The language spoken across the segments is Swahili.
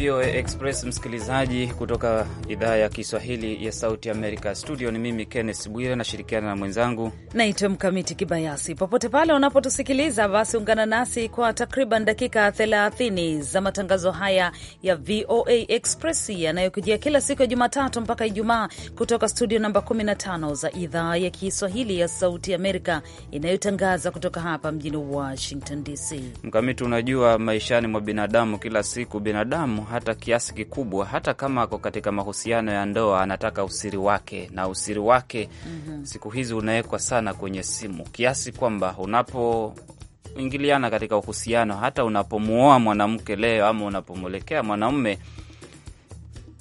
VOA Express, msikilizaji, kutoka idhaa ya Kiswahili ya Sauti Amerika. Studio ni mimi Kenneth Bwire, nashirikiana na mwenzangu naitwa Mkamiti Kibayasi. Popote pale unapotusikiliza, basi ungana nasi kwa takriban dakika 30 za matangazo haya ya VOA Express yanayokujia kila siku ya Jumatatu mpaka Ijumaa kutoka studio namba 15 za idhaa ya Kiswahili ya Sauti Amerika inayotangaza kutoka hapa mjini Washington DC. Mkamiti, unajua maishani mwa binadamu kila siku binadamu hata kiasi kikubwa, hata kama ako katika mahusiano ya ndoa, anataka usiri wake na usiri wake mm -hmm. Siku hizi unawekwa sana kwenye simu kiasi kwamba unapo ingiliana katika uhusiano, hata unapomuoa mwanamke leo ama unapomwelekea mwanaume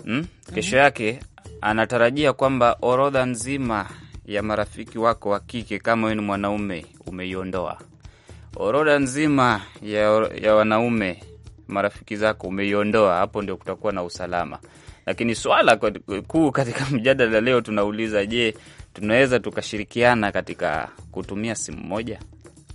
hmm? kesho mm -hmm. yake anatarajia kwamba orodha nzima ya marafiki wako wa kike, kama wewe ni mwanaume, umeiondoa orodha nzima ya, ya wanaume marafiki zako, umeiondoa hapo, ndio kutakuwa na usalama. Lakini swala kuu katika mjadala leo tunauliza, je, tunaweza tukashirikiana katika kutumia simu moja?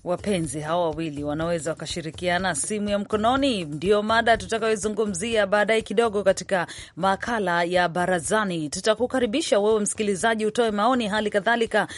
wapenzi hawa wawili wanaweza wakashirikiana simu ya mkononi. Ndiyo mada tutakayozungumzia baadaye kidogo katika makala ya barazani. Tutakukaribisha wewe msikilizaji utoe maoni, hali kadhalika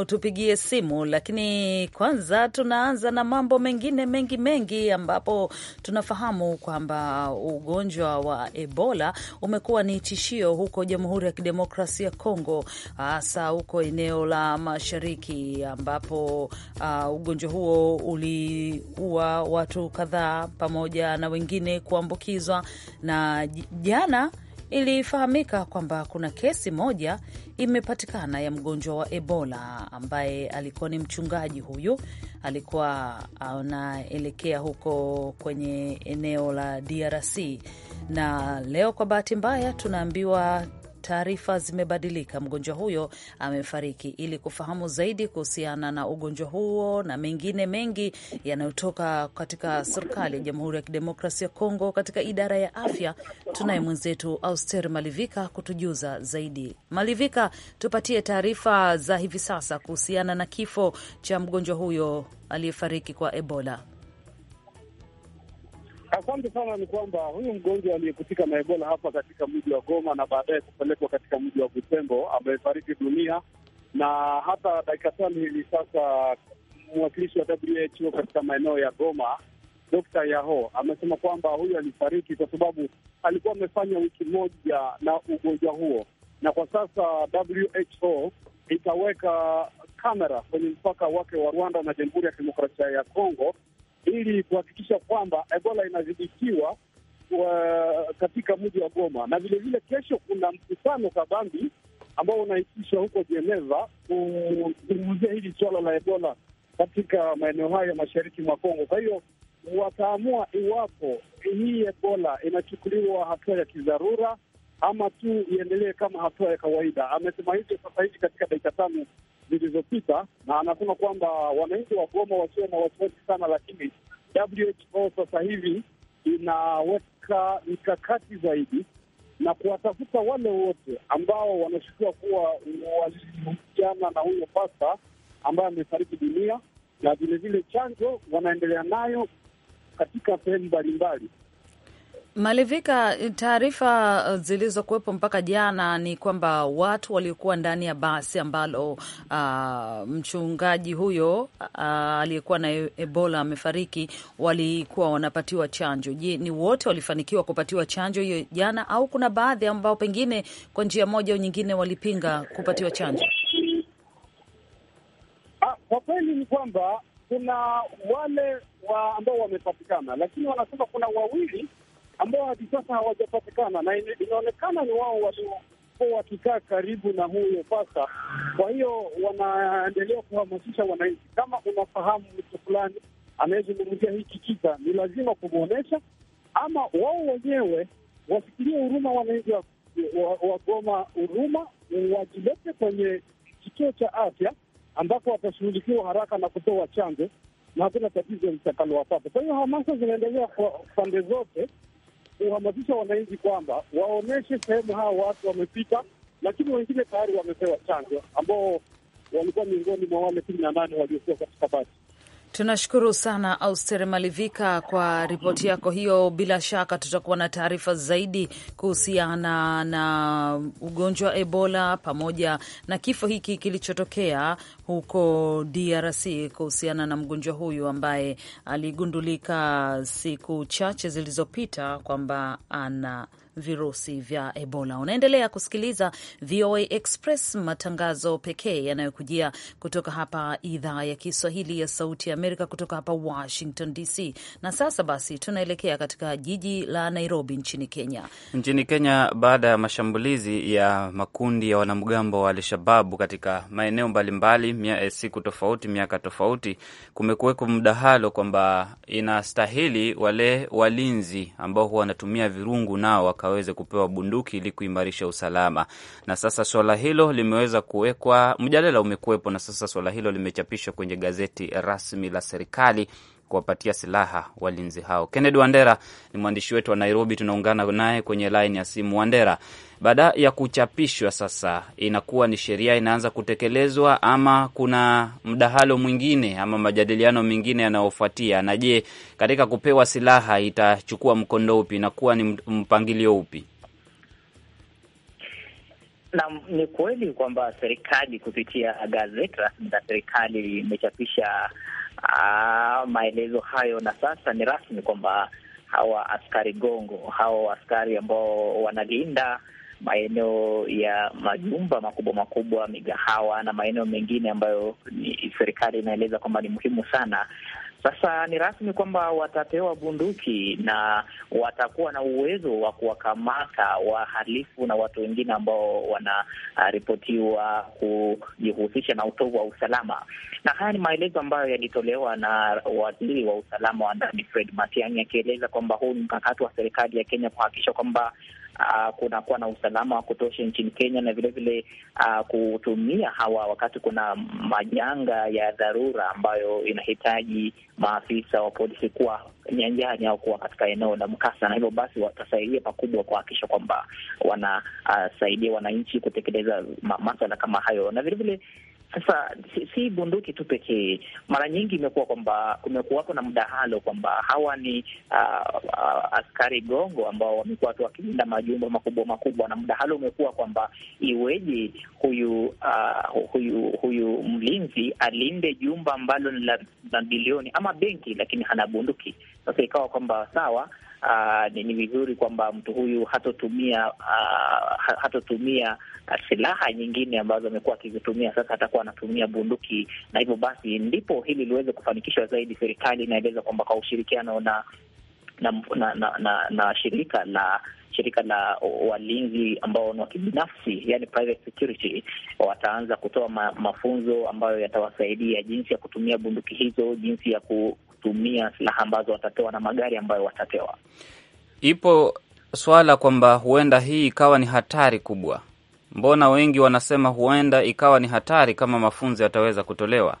utupigie simu. Lakini kwanza tunaanza na mambo mengine mengi mengi, ambapo tunafahamu kwamba ugonjwa wa Ebola umekuwa ni tishio huko Jamhuri ya Kidemokrasia ya Kongo, hasa huko eneo la mashariki ambapo uh, ugonjwa huo uliua watu kadhaa pamoja na wengine kuambukizwa, na jana ilifahamika kwamba kuna kesi moja imepatikana ya mgonjwa wa Ebola ambaye alikuwa ni mchungaji. Huyu alikuwa anaelekea huko kwenye eneo la DRC, na leo kwa bahati mbaya tunaambiwa taarifa zimebadilika, mgonjwa huyo amefariki. Ili kufahamu zaidi kuhusiana na ugonjwa huo na mengine mengi yanayotoka katika serikali ya Jamhuri ya Kidemokrasia ya Kongo katika idara ya afya, tunaye mwenzetu Auster Malivika kutujuza zaidi. Malivika, tupatie taarifa za hivi sasa kuhusiana na kifo cha mgonjwa huyo aliyefariki kwa Ebola. Asante sana. Ni kwamba huyu mgonjwa aliyekutika na Ebola hapa katika mji wa Goma na baadaye kupelekwa katika mji wa Butembo amefariki dunia, na hata dakika tano hivi sasa mwakilishi wa WHO katika maeneo ya Goma d Yaho amesema kwamba huyu alifariki kwa sababu alikuwa amefanya wiki moja na ugonjwa huo, na kwa sasa WHO itaweka kamera kwenye mpaka wake wa Rwanda na Jamhuri ya Kidemokrasia ya Kongo ili kuhakikisha kwamba Ebola inadhibitiwa uh, katika mji wa Goma, na vilevile kesho kuna mkutano kabambi ambao unaitishwa huko Jeneva kuzungumzia hili suala la Ebola katika maeneo hayo ya mashariki mwa Kongo. Kwa hiyo wataamua iwapo hii Ebola inachukuliwa hatua ya kidharura ama tu iendelee kama hatua ya kawaida. Amesema hivyo sasa hivi katika dakika tano zilizopita, na anasema kwamba wananchi wa Goma wasiwe na wasiwasi sana, lakini WHO sasa hivi inaweka mikakati zaidi na kuwatafuta wale wote ambao wanashukiwa kuwa walihusiana na huyo pasta ambaye amefariki dunia, na vilevile chanjo wanaendelea nayo katika sehemu mbalimbali. Malivika, taarifa uh, zilizokuwepo mpaka jana ni kwamba watu waliokuwa ndani ya basi ambalo uh, mchungaji huyo uh, aliyekuwa na Ebola amefariki walikuwa wanapatiwa chanjo. Je, ni wote walifanikiwa kupatiwa chanjo hiyo jana, au kuna baadhi ambao pengine kwa njia moja au nyingine walipinga kupatiwa chanjo? Ah, kwa kweli ni kwamba kuna wale wa ambao wamepatikana, lakini wanasema kuna wawili ambao hadi sasa hawajapatikana, na inaonekana ni wao walio wakikaa karibu na huyo pasa Kwa hiyo wanaendelea kuhamasisha wananchi, kama unafahamu mtu fulani anayezungumzia hiki kita, ni lazima kumwonyesha, ama wao wenyewe wafikirie huruma wananchi wagoma, huruma wajilete kwenye kituo cha afya ambapo watashughulikiwa haraka na kupewa chanjo na hakuna tatizo litakalowapata. Kwa hiyo hamasa zinaendelea kwa pande zote kuhamasisha wananchi kwamba waonyeshe sehemu hawa watu wamepita, lakini wengine tayari wamepewa chanjo ambao walikuwa miongoni mwa wale kumi na nane waliokuwa katika basi Tunashukuru sana Auster Malivika kwa ripoti yako hiyo. Bila shaka tutakuwa na taarifa zaidi kuhusiana na ugonjwa wa Ebola pamoja na kifo hiki kilichotokea huko DRC kuhusiana na mgonjwa huyu ambaye aligundulika siku chache zilizopita kwamba ana virusi vya Ebola. Unaendelea kusikiliza VOA Express, matangazo pekee yanayokujia kutoka hapa idhaa ya Kiswahili ya Sauti ya Amerika, kutoka hapa Washington DC. Na sasa basi tunaelekea katika jiji la Nairobi nchini Kenya. Nchini Kenya, baada ya mashambulizi ya makundi ya wanamgambo wa Alshababu katika maeneo mbalimbali mbali, eh, siku tofauti, miaka tofauti, kumekuweko mdahalo kwamba inastahili wale walinzi ambao huwa wanatumia virungu nao wakaweze kupewa bunduki ili kuimarisha usalama. Na sasa swala hilo limeweza kuwekwa mjadala, umekuwepo na sasa swala hilo limechapishwa kwenye gazeti rasmi la serikali kuwapatia silaha walinzi hao. Kennedy Wandera ni mwandishi wetu wa Nairobi, tunaungana naye kwenye laini ya simu. Wandera, baada ya kuchapishwa sasa, inakuwa ni sheria inaanza kutekelezwa, ama kuna mdahalo mwingine ama majadiliano mengine yanayofuatia? Na je, katika kupewa silaha itachukua mkondo upi? Inakuwa ni mpangilio upi? Na ni kweli kwamba serikali kupitia gazeti rasmi la serikali imechapisha ah, maelezo hayo, na sasa ni rasmi kwamba hawa askari gongo, hawa askari ambao wanalinda maeneo ya majumba makubwa makubwa, migahawa na maeneo mengine ambayo serikali inaeleza kwamba ni muhimu sana. Sasa ni rasmi kwamba watapewa bunduki na watakuwa na uwezo wa kuwakamata wahalifu na watu wengine ambao wanaripotiwa kujihusisha na utovu wa usalama. Na haya ni maelezo ambayo yalitolewa na waziri wa usalama wa ndani Fred Matiang'i, akieleza kwamba huu ni mkakati wa serikali ya Kenya kuhakikisha kwamba uh, kunakuwa na usalama wa kutosha nchini Kenya na vilevile uh, ah, kutumia hawa wakati kuna majanga ya dharura ambayo inahitaji maafisa wa polisi kuwa nyanjani au kuwa katika eneo la mkasa, na hivyo basi watasaidia pakubwa kuhakikisha kwamba wanasaidia uh, wananchi kutekeleza maswala kama hayo na vilevile sasa si, si bunduki tu pekee. Mara nyingi imekuwa kwamba kumekuwapo na mdahalo kwamba hawa ni uh, uh, askari gongo ambao wamekuwa tu wakilinda majumba makubwa makubwa, na mdahalo umekuwa kwamba iweje huyu uh, huyu huyu mlinzi alinde jumba ambalo ni la bilioni ama benki, lakini hana bunduki. Sasa ikawa kwamba sawa uh, ni, ni vizuri kwamba mtu huyu hatotumia uh, hatotumia uh, silaha nyingine ambazo amekuwa akizitumia. Sasa atakuwa anatumia bunduki, na hivyo basi ndipo hili liweze kufanikishwa zaidi. Serikali inaeleza kwamba kwa ushirikiano na na, na, na, na, na shirika la shirika la walinzi ambao ni wa kibinafsi, yani private security, wataanza kutoa ma, mafunzo ambayo yatawasaidia jinsi ya kutumia bunduki hizo, jinsi ya ku, kutumia silaha ambazo watapewa na magari ambayo watapewa. Ipo swala kwamba huenda hii ikawa ni hatari kubwa. Mbona wengi wanasema huenda ikawa ni hatari kama mafunzo yataweza kutolewa?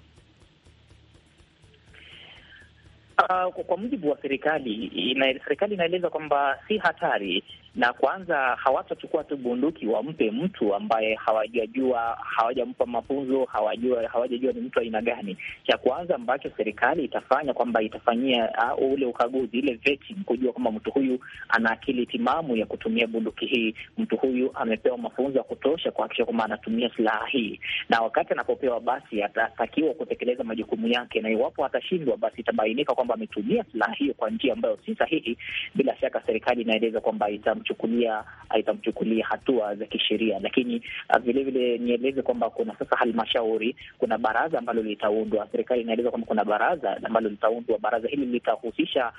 Uh, kwa mujibu wa serikali ina, serikali inaeleza kwamba si hatari na kwanza hawatachukua tu bunduki wampe mtu ambaye hawajajua, hawajampa mafunzo, hawajua hawajajua ni mtu aina gani. Cha kwanza ambacho serikali itafanya kwamba itafanyia uh, ule ukaguzi, ile vetting, kujua kwamba mtu huyu ana akili timamu ya kutumia bunduki hii, mtu huyu amepewa mafunzo ya kutosha kuhakikisha kwamba anatumia silaha hii, na wakati anapopewa basi atatakiwa kutekeleza majukumu yake, na iwapo atashindwa, basi itabainika kwamba ametumia silaha hiyo kwa njia ambayo si sahihi. Bila shaka serikali inaeleza kwamba ita itamchukulia itamchukulia hatua za kisheria. Lakini vilevile uh, nieleze kwamba kuna sasa halmashauri, kuna baraza ambalo litaundwa. Serikali inaeleza kwamba kuna baraza ambalo litaundwa. Baraza hili litahusisha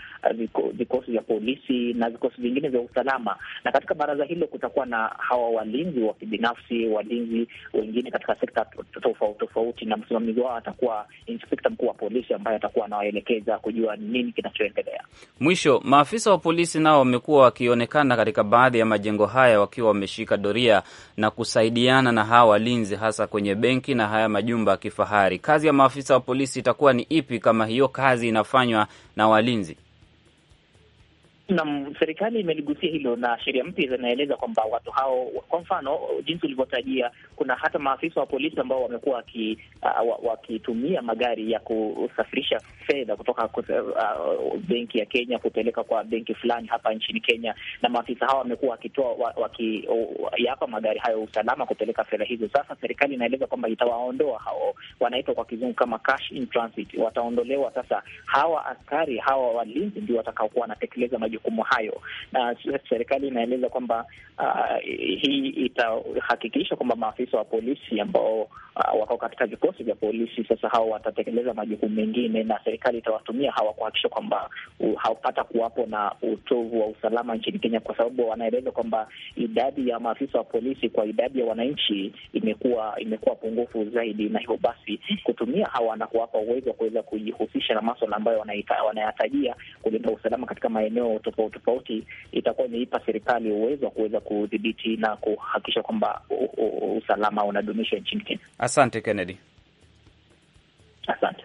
uh, vikosi vya polisi na vikosi vingine vya usalama, na katika baraza hilo kutakuwa na hawa walinzi wa kibinafsi, walinzi wengine katika sekta tofauti tofauti, na msimamizi wao atakuwa inspekta mkuu wa polisi ambaye atakuwa anawaelekeza kujua nini kinachoendelea. Mwisho, maafisa wa polisi nao wamekuwa wakionekana katika katika baadhi ya majengo haya wakiwa wameshika doria na kusaidiana na hawa walinzi, hasa kwenye benki na haya majumba ya kifahari. Kazi ya maafisa wa polisi itakuwa ni ipi kama hiyo kazi inafanywa na walinzi? Naam, serikali imeligusia hilo na sheria mpya zinaeleza kwamba watu hao, kwa mfano jinsi ulivyotajia kuna hata maafisa wa polisi ambao wamekuwa uh, wakitumia uh, magari ya kusafirisha fedha kutoka uh, benki ya Kenya kupeleka kwa benki fulani hapa nchini Kenya, na maafisa hao wamekuwa wakitoa wakiyapa magari hayo usalama kupeleka fedha hizo. Sasa serikali inaeleza kwamba itawaondoa hao, wanaitwa kwa kizungu kama cash in transit, wataondolewa. Sasa hawa askari hawa walinzi ndio watakaokuwa wanatekeleza majukumu hayo, na serikali inaeleza kwamba uh, hii itahakikisha kwamba maafisa wa polisi ambao uh, wako katika vikosi vya polisi sasa hao watatekeleza majukumu mengine, na serikali itawatumia hawa kuhakikisha kwamba uh, hapata kuwapo na utovu wa usalama nchini Kenya, kwa sababu wanaeleza kwamba idadi ya maafisa wa polisi kwa idadi ya wananchi imekuwa imekuwa pungufu zaidi, na hivyo basi kutumia hawa na kuwapa uwezo wa kuweza kujihusisha na maswala ambayo wanayatajia kulinda usalama katika maeneo tofauti tofauti itakuwa imeipa serikali uwezo wa kuweza kudhibiti na kuhakikisha kwamba usalama unadumishwa nchini Kenya. Asante Kennedy, asante.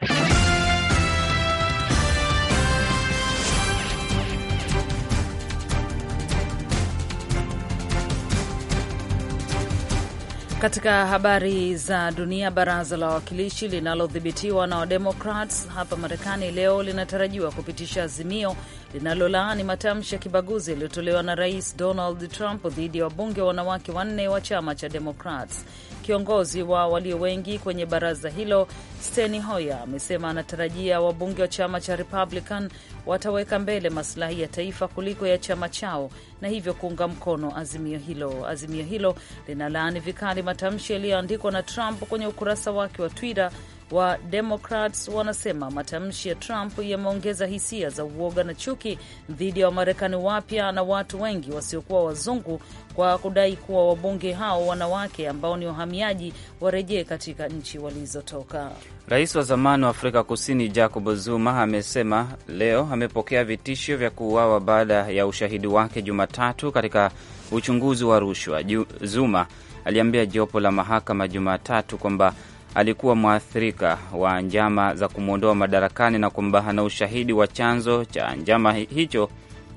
Katika habari za dunia, baraza la wawakilishi linalodhibitiwa na Wademokrats hapa Marekani leo linatarajiwa kupitisha azimio linalolaani matamshi ya kibaguzi yaliyotolewa na Rais Donald Trump dhidi ya wabunge wanawake wanne wa chama cha Democrats. Kiongozi wa walio wengi kwenye baraza hilo Steny Hoyer amesema anatarajia wabunge wa chama cha Republican wataweka mbele masilahi ya taifa kuliko ya chama chao na hivyo kuunga mkono azimio hilo. Azimio hilo linalaani vikali matamshi yaliyoandikwa na Trump kwenye ukurasa wake wa Twitter wa Democrats wanasema matamshi ya Trump yameongeza hisia za uoga na chuki dhidi ya Wamarekani wapya na watu wengi wasiokuwa wazungu kwa kudai kuwa wabunge hao wanawake ambao ni wahamiaji warejee katika nchi walizotoka. Rais wa zamani wa Afrika Kusini Jacob Zuma amesema leo amepokea vitisho vya kuuawa baada ya ushahidi wake Jumatatu katika uchunguzi wa rushwa. Zuma aliambia jopo la mahakama Jumatatu kwamba alikuwa mwathirika wa njama za kumwondoa madarakani na kwamba ushahidi wa chanzo cha njama hicho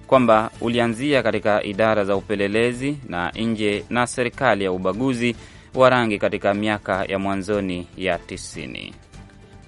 kwamba ulianzia katika idara za upelelezi na nje na serikali ya ubaguzi wa rangi katika miaka ya mwanzoni ya tisini.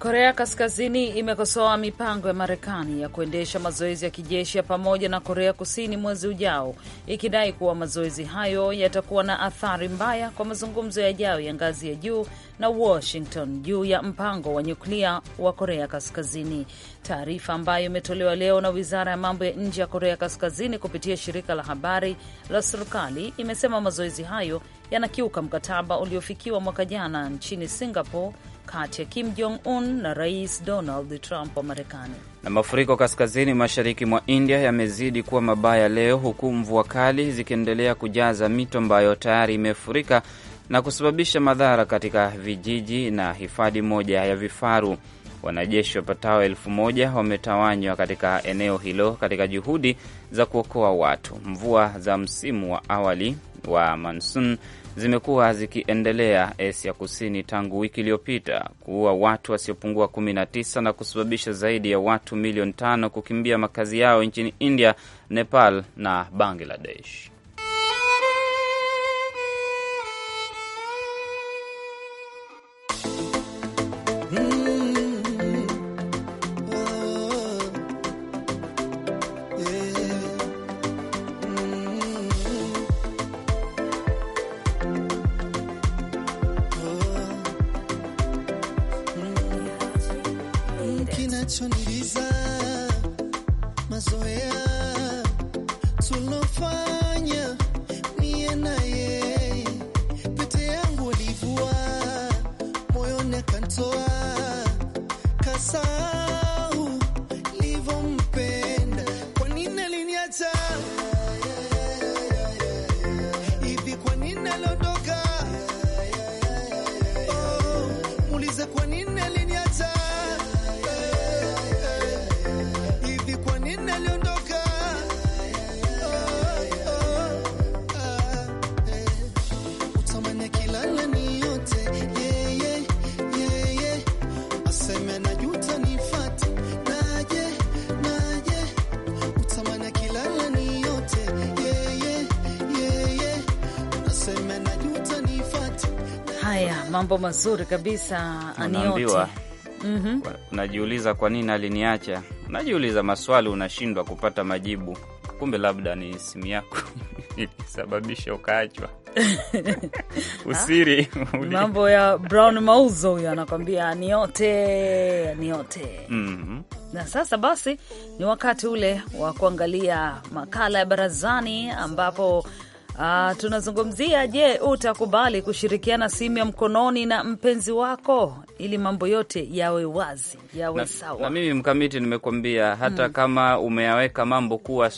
Korea Kaskazini imekosoa mipango ya Marekani ya kuendesha mazoezi ya kijeshi ya pamoja na Korea Kusini mwezi ujao, ikidai kuwa mazoezi hayo yatakuwa na athari mbaya kwa mazungumzo yajayo ya ngazi ya juu na Washington juu ya mpango wa nyuklia wa Korea Kaskazini. Taarifa ambayo imetolewa leo na wizara ya mambo ya nje ya Korea Kaskazini kupitia shirika la habari la serikali imesema mazoezi hayo yanakiuka mkataba uliofikiwa mwaka jana nchini Singapore kati ya Kim Jong Un na Rais Donald Trump wa Marekani. Na mafuriko kaskazini mashariki mwa India yamezidi kuwa mabaya leo, huku mvua kali zikiendelea kujaza mito ambayo tayari imefurika na kusababisha madhara katika vijiji na hifadhi moja ya vifaru. Wanajeshi wapatao elfu moja wametawanywa katika eneo hilo katika juhudi za kuokoa watu. Mvua za msimu wa awali wa mansun zimekuwa zikiendelea Asia Kusini tangu wiki iliyopita kuua watu wasiopungua 19 na kusababisha zaidi ya watu milioni tano kukimbia makazi yao nchini India, Nepal na Bangladesh. kinachoniliza Haya, mambo mazuri kabisa. aniambiwa. mm -hmm. Unajiuliza kwa nini aliniacha? Unajiuliza maswali, unashindwa kupata majibu. Kumbe labda ni simu yako ilisababisha ukaachwa. Usiri mambo ya Brown Mauzo huyo anakwambia aniote, aniote. Mm -hmm. Na sasa basi ni wakati ule wa kuangalia makala ya barazani ambapo Ah, tunazungumzia je, utakubali kushirikiana simu ya mkononi na mpenzi wako ili mambo yote yawe wazi, yawe na, sawa. Na mimi mkamiti nimekuambia hata mm, kama umeyaweka mambo kuwa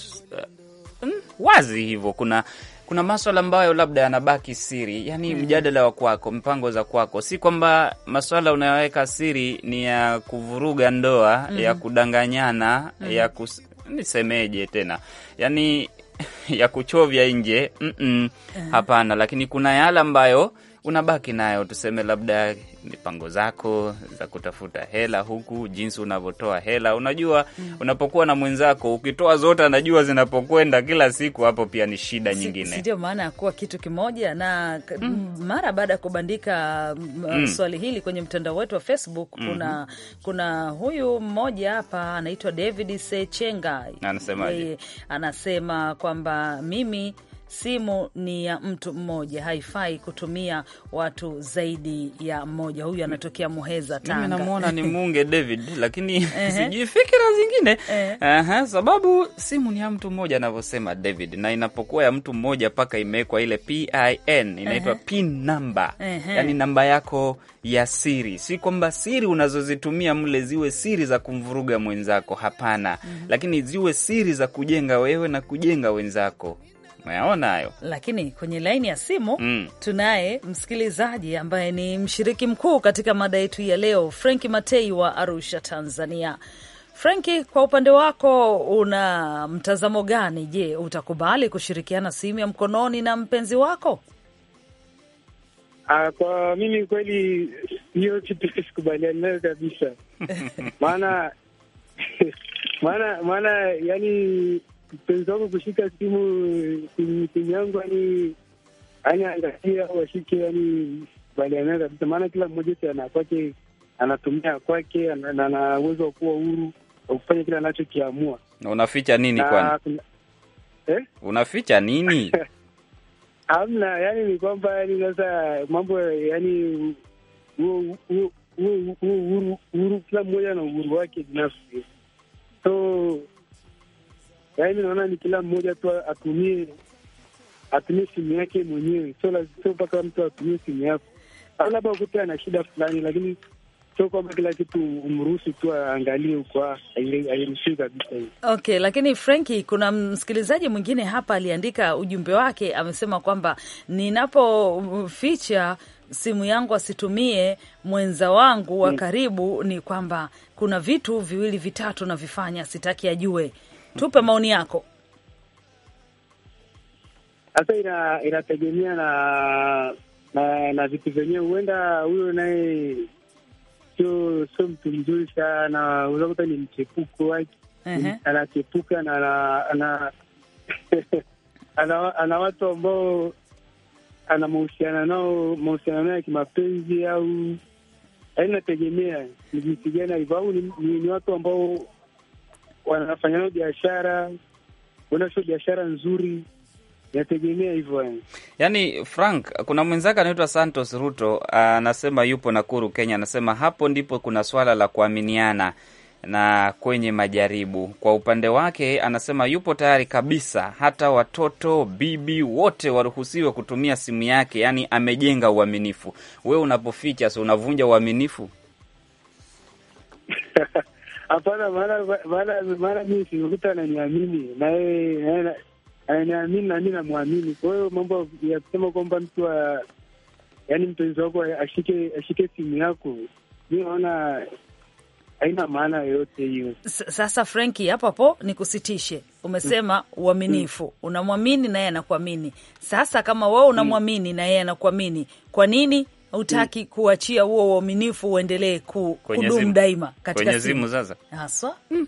uh, wazi hivyo, kuna kuna maswala ambayo labda yanabaki siri, yani mm, mjadala wa kwako, mpango za kwako, si kwamba maswala unayoweka siri ni ya kuvuruga ndoa, mm, ya hmm. kudanganyana, mm, ya kus... nisemeje tena yani ya kuchovya nje mm -mm, hapana, lakini kuna yale ambayo unabaki nayo, tuseme labda mipango zako za kutafuta hela huku, jinsi unavyotoa hela. Unajua mm. unapokuwa na mwenzako ukitoa zote, anajua zinapokwenda kila siku, hapo pia ni shida nyingine, si ndio? Maana ya kuwa kitu kimoja na mm. mara baada ya kubandika mm. swali hili kwenye mtandao wetu wa Facebook mm -hmm. kuna, kuna huyu mmoja hapa anaitwa David Sechenga, anasema kwamba mimi simu ni ya mtu mmoja, haifai kutumia watu zaidi ya mmoja. Huyu anatokea Muheza, Tanga. Namwona ni Munge David, lakini sijui fikira zingine Aha, sababu simu ni ya mtu mmoja anavyosema David, na inapokuwa ya mtu mmoja mpaka imewekwa ile PIN inaitwa pin namba, yani namba yako ya siri, si kwamba siri unazozitumia mle ziwe siri za kumvuruga mwenzako, hapana, mhm. lakini ziwe siri za kujenga wewe na kujenga wenzako nayaona hayo, lakini kwenye laini ya simu mm, tunaye msikilizaji ambaye ni mshiriki mkuu katika mada yetu ya leo, Frenki Matei wa Arusha, Tanzania. Frenki, kwa upande wako una mtazamo gani? Je, utakubali kushirikiana simu ya mkononi na mpenzi wako? Uh, kwa mimi kweli hiyo kitu sikubaliani nayo kabisa maana maana maana yani mpenzi kushika simu simu yangu, yani yani au washike yani baliana kabisa, maana kila mmoja wetu ana kwake, anatumia kwake, ana uwezo wa kuwa huru wa kufanya kile anachokiamua. Unaficha nini kwani? Eh? Unaficha nini? Hamna, yani ni kwamba yani sasa mambo yani huo uhuru, kila mmoja na uhuru wake binafsi so yaani naona ni kila mmoja tu atumie atumie simu yake mwenyewe, sio sio mpaka mtu atumie simu yako, au labda ukute ana shida fulani, lakini sio kwamba kila kitu umruhusu tu aangalie uko, hairuhusiwi kabisa Okay, lakini Frenki, kuna msikilizaji mwingine hapa aliandika ujumbe wake, amesema kwamba ninapoficha simu yangu asitumie mwenza wangu wa mm. karibu, ni kwamba kuna vitu viwili vitatu navifanya, sitaki ajue tupe maoni yako. Sasa ina, inategemea na na, na vitu vyenyewe. Huenda huyo naye sio sio mtu mzuri sana, unakuta ni mchepuko wake anachepuka na ana ana watu ambao ana mahusiana nao mahusiano nao ya kimapenzi au, ainategemea yaani ni jinsi gani alivyo, au ni watu ambao wanafanya biashara, wanaosho biashara nzuri nategemea hivyo yani. Yani Frank, kuna mwenzake anaitwa Santos Ruto anasema yupo Nakuru, Kenya, anasema hapo ndipo kuna swala la kuaminiana na kwenye majaribu. Kwa upande wake anasema yupo tayari kabisa, hata watoto bibi wote waruhusiwe kutumia simu yake, yaani amejenga uaminifu. Wewe unapoficha, si unavunja uaminifu? Hapana, mara mi simekuta ananiamini na yeye ananiamini na namwamini. Kwa hiyo mambo ya kusema kwamba mtu wa yaani mpenzi wako ashike ashike simu yako, mi naona haina maana yoyote hiyo. Sasa Frenki, hapo hapo nikusitishe. Umesema uaminifu mm. unamwamini na yeye anakuamini. Sasa kama wewe unamwamini mm. na yeye anakuamini, kwa nini hutaki mm. kuachia huo uaminifu uendelee ku, kudumu daima katika simu sasa haswa mm.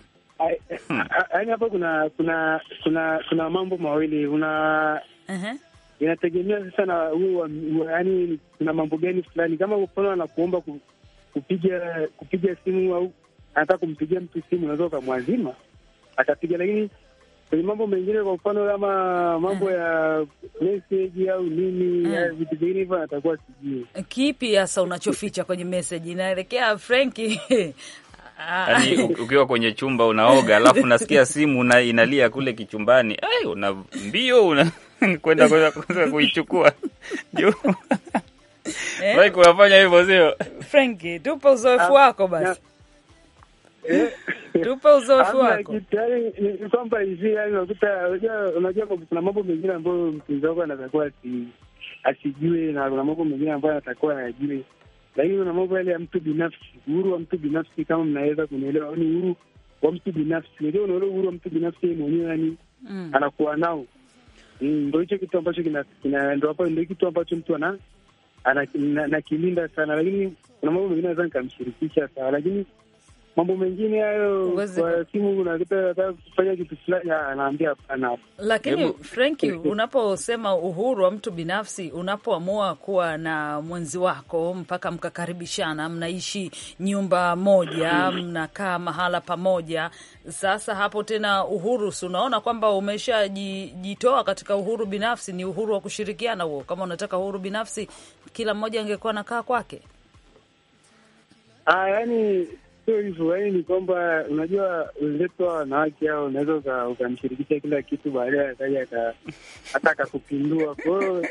Eh, hmm. Yaani hapo kuna kuna kuna kuna mambo mawili una uh -huh. Inategemea sasa na huo yaani, kuna mambo gani fulani, kama mfano anakuomba kupiga kupiga simu au anataka kumpigia mtu simu, unaweza ukamwazima atapiga, lakini kwenye mambo mengine, kwa mfano kama mambo ya message au nini vitu vingine hivyo, atakuwa sijui kipi hasa unachoficha kwenye message. Inaelekea Frenki ah. Yani, ukiwa kwenye chumba unaoga, alafu unasikia simu una, inalia kule kichumbani, ai eh, una mbio una kwenda kuichukua juu eh? unafanya hivyo, sio Franki? Tupa uzoefu ah, wako basi. Eh, tupe uzoefu wako. Yaani ni kwamba hivi yani, unakuta unajua, kuna mambo mengine ambayo mpinzani wako anatakuwa asijue, na kuna mambo mengine ambayo anatakuwa ayajue, lakini kuna mambo yale ya mtu binafsi, uhuru wa mtu binafsi, kama mnaweza kunielewa, ni yaani uhuru wa mtu binafsi. Unajua, unaule uhuru wa mtu binafsi mwenyewe, yani mm. anakuwa nao, mm, ndo hicho kitu ambacho hapo, ndo kitu ambacho mtu ana nakilinda sana, lakini kuna mambo mengine naweza nikamshirikisha sana, lakini mambo mengine hayo kwa simu unalipa kufanya kitu fulani, ah, anaambia hapana. Lakini Frenki, unaposema uhuru wa mtu binafsi, unapoamua kuwa na mwenzi wako mpaka mkakaribishana, mnaishi nyumba moja, hmm. mnakaa mahala pamoja, sasa hapo tena uhuru, si unaona kwamba umeshajitoa katika uhuru binafsi? Ni uhuru wa kushirikiana huo. Kama unataka uhuru binafsi, kila mmoja angekuwa nakaa kwake. Ah, yani sio hivyo, yaani ni kwamba unajua wenzetu hawa wanawake hao, unaweza ukamshirikisha kila kitu, baadaye akaja hata akakupindua. kwao. hiyo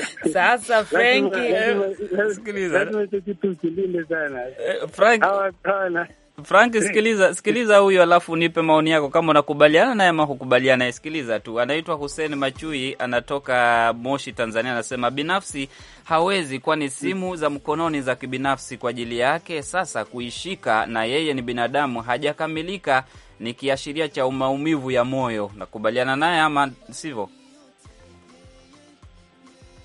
sasa eh, lazima hicho kitu ukilinde sana. Eh, Frank, sikiliza sikiliza huyo, alafu nipe maoni yako kama unakubaliana naye ama hukubaliana. Sikiliza tu, anaitwa Hussein Machui, anatoka Moshi, Tanzania. Anasema binafsi hawezi, kwani simu za mkononi za kibinafsi kwa ajili yake. Sasa kuishika, na yeye ni binadamu, hajakamilika, ni kiashiria cha maumivu ya moyo. Nakubaliana naye ama sivyo?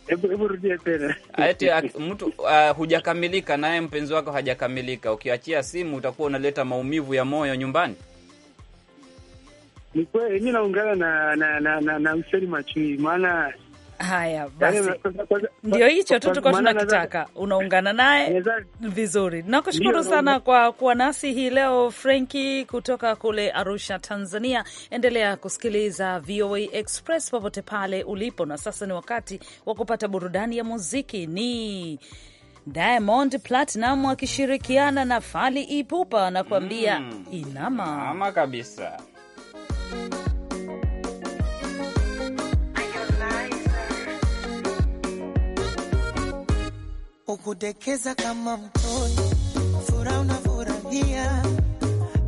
Hebu tena. Ah, mtu uh, hujakamilika naye mpenzi wako hajakamilika, ukiachia simu utakuwa unaleta maumivu ya moyo nyumbani. Ni kweli, mi naungana na na na, na, na Useni Machui, maana Haya yaani basi, ndio hicho tu tuko tunakitaka. Unaungana naye vizuri. Nakushukuru sana kwa kuwa nasi hii leo, Frenki kutoka kule Arusha, Tanzania. Endelea kusikiliza VOA Express popote pale ulipo, na sasa ni wakati wa kupata burudani ya muziki. Ni Diamond Platinum akishirikiana na fali Ipupa anakuambia mm, inama ama kabisa ukudekeza kama mtoni, furaha unafurahia,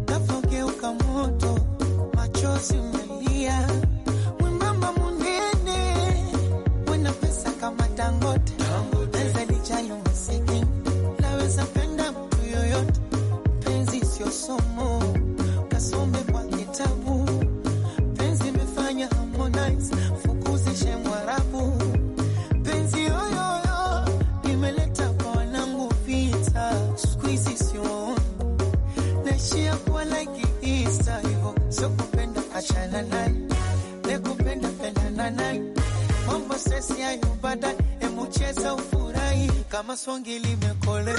ghafla ugeuka moto, machozi umelia, mwembamba munene, wena pesa kama Dangote, pesa lijalo masikini, laweza penda mtu yoyote, penzi sio somo stress ya nyumbani, emucheza ufurahi kama songi limekole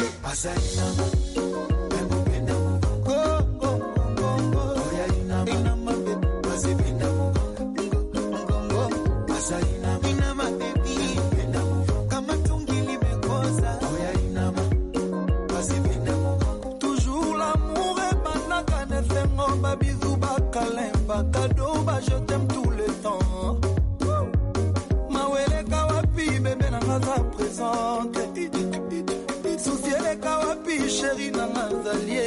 sheri na nazalie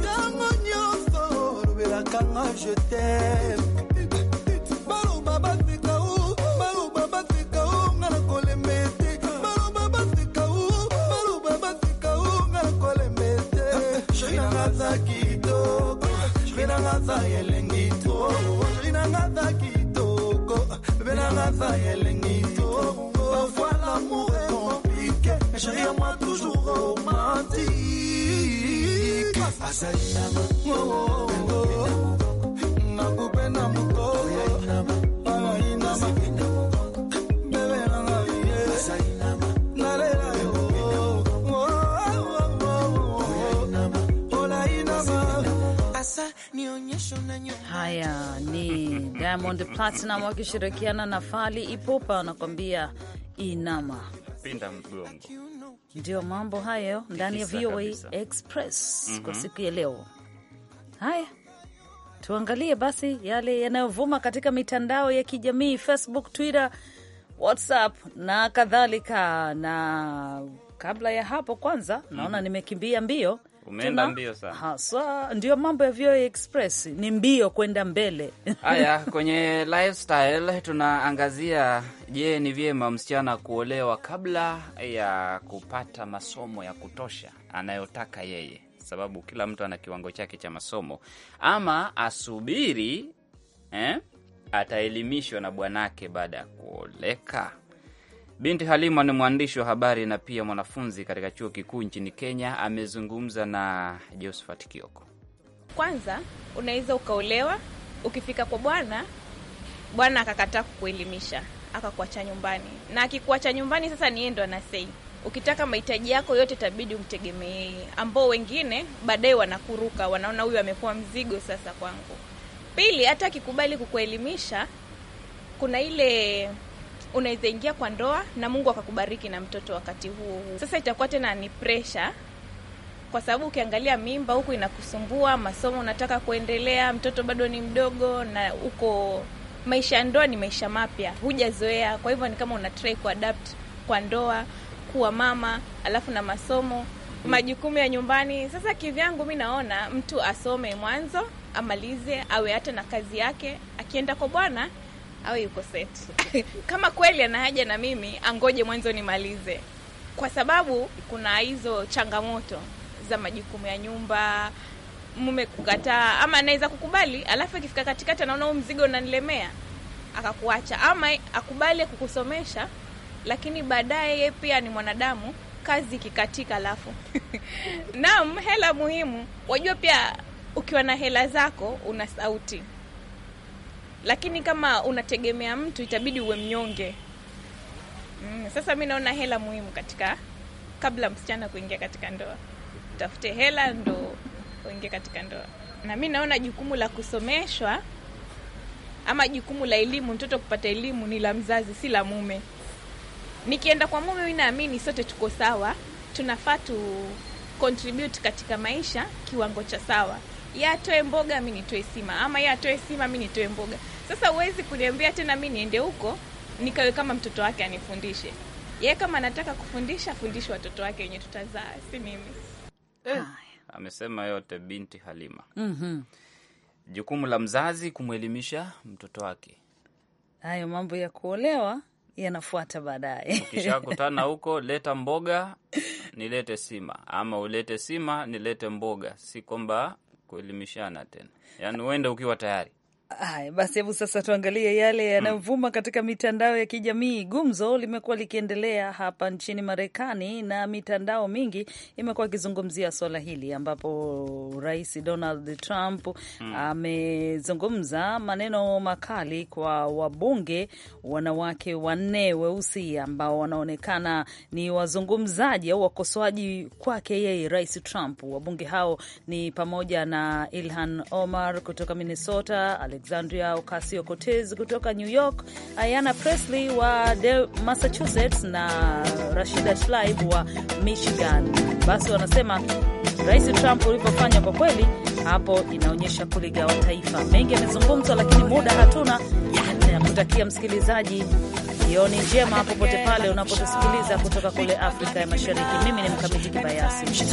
ntango nyonso olobelakanga je t'aime baloba baseka o baloba baseka o nga na Haya ni Diamond Platinum wakishirikiana na fali Ipupa anakwambia inama pinda mgongo. Ndio mambo hayo ndani ya VOA Express mm -hmm. kwa mhm. siku ya leo. Haya, tuangalie basi yale yanayovuma katika mitandao ya kijamii Facebook, Twitter, WhatsApp na kadhalika. Na kabla ya hapo kwanza, naona mm -hmm. nimekimbia mbio Umeenda mbio sana hasa, ndio mambo ya VOA Express, ni mbio kwenda mbele. Haya, kwenye lifestyle tunaangazia, je, ni vyema msichana kuolewa kabla ya kupata masomo ya kutosha anayotaka yeye, sababu kila mtu ana kiwango chake cha masomo, ama asubiri eh, ataelimishwa na bwanake baada ya kuoleka. Binti Halima ni mwandishi wa habari na pia mwanafunzi katika chuo kikuu nchini Kenya. Amezungumza na Josephat Kioko. Kwanza unaweza ukaolewa, ukifika kwa bwana, bwana akakataa kukuelimisha, akakuacha nyumbani, na akikuacha nyumbani, sasa ni yeye ndo anasei ukitaka mahitaji yako yote itabidi umtegemee yeye, ambao wengine baadaye wanakuruka, wanaona huyu amekuwa mzigo sasa kwangu. Pili, hata akikubali kukuelimisha, kuna ile unaweza ingia kwa ndoa na Mungu akakubariki na mtoto wakati huo huo. Sasa itakuwa tena ni pressure kwa sababu ukiangalia mimba huku inakusumbua, masomo unataka kuendelea, mtoto bado ni mdogo, na uko maisha ya ndoa ni maisha mapya, hujazoea. Kwa hivyo ni kama una try kuadapt kwa ndoa, kuwa mama, alafu na masomo, majukumu ya nyumbani. Sasa kivyangu, mi naona mtu asome mwanzo, amalize, awe hata na kazi yake, akienda kwa Bwana au yuko set. kama kweli ana haja na mimi, angoje mwanzo nimalize, kwa sababu kuna hizo changamoto za majukumu ya nyumba, mume kukataa, ama anaweza kukubali, alafu ikifika katikati anaona huu mzigo unanilemea akakuacha, ama akubali kukusomesha, lakini baadaye yeye pia ni mwanadamu, kazi ikikatika, alafu naam, hela muhimu. Wajua pia ukiwa na hela zako una sauti lakini kama unategemea mtu itabidi uwe mnyonge. Mm, sasa mi naona hela muhimu katika kabla msichana kuingia katika ndoa, utafute hela ndo uingie katika ndoa. Na mi naona jukumu la kusomeshwa ama jukumu la elimu, mtoto kupata elimu ni la mzazi, si la mume. Nikienda kwa mume, mi naamini sote tuko sawa, tunafaa tu contribute katika maisha kiwango cha sawa. Yatoe mboga, mi nitoe sima, ama yatoe sima, mi nitoe mboga. Sasa huwezi kuniambia tena mi niende huko nikawe kama mtoto wake anifundishe ye. Kama anataka kufundisha afundishe watoto wake wenye tutazaa, si mimi eh. Amesema yote binti Halima. mm -hmm. Jukumu la mzazi kumwelimisha mtoto wake. Hayo mambo ya kuolewa yanafuata baadaye. Ukishakutana huko, leta mboga nilete sima, ama ulete sima nilete mboga, si kwamba kuelimishana tena, yaani uende ukiwa tayari Haya basi, hebu sasa tuangalie yale hmm. yanayovuma katika mitandao ya kijamii. Gumzo limekuwa likiendelea hapa nchini Marekani na mitandao mingi imekuwa ikizungumzia swala hili, ambapo Rais Donald Trump hmm. amezungumza maneno makali kwa wabunge wanawake wanne weusi ambao wanaonekana ni wazungumzaji au wakosoaji kwake yeye, Rais Trump. Wabunge hao ni pamoja na Ilhan Omar kutoka Minnesota, Alexandria Ocasio Cortez kutoka New York, Ayana Presley wa De Massachusetts na Rashida Tlaib wa Michigan. Basi wanasema Rais Trump ulivyofanya kwa kweli hapo inaonyesha kuligawa taifa. Mengi yamezungumzwa, lakini muda hatuna. Nakutakia msikilizaji jioni njema popote pale unapotusikiliza kutoka kule Afrika ya Mashariki. Mimi ni Mkamiti Kibayasi.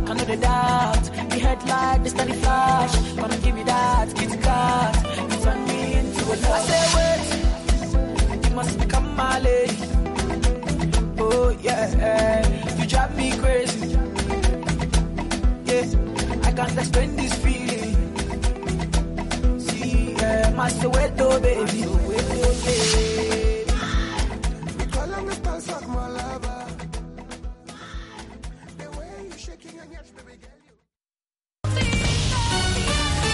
back, I know the doubt. The headlight, the steady flash. give that, You turn me into a love. I say, wait, you must become my lady. Oh, yeah, you drive me crazy. yeah, I can't explain this feeling. See, yeah, Master Wedo, oh, baby. Master Wedo, baby.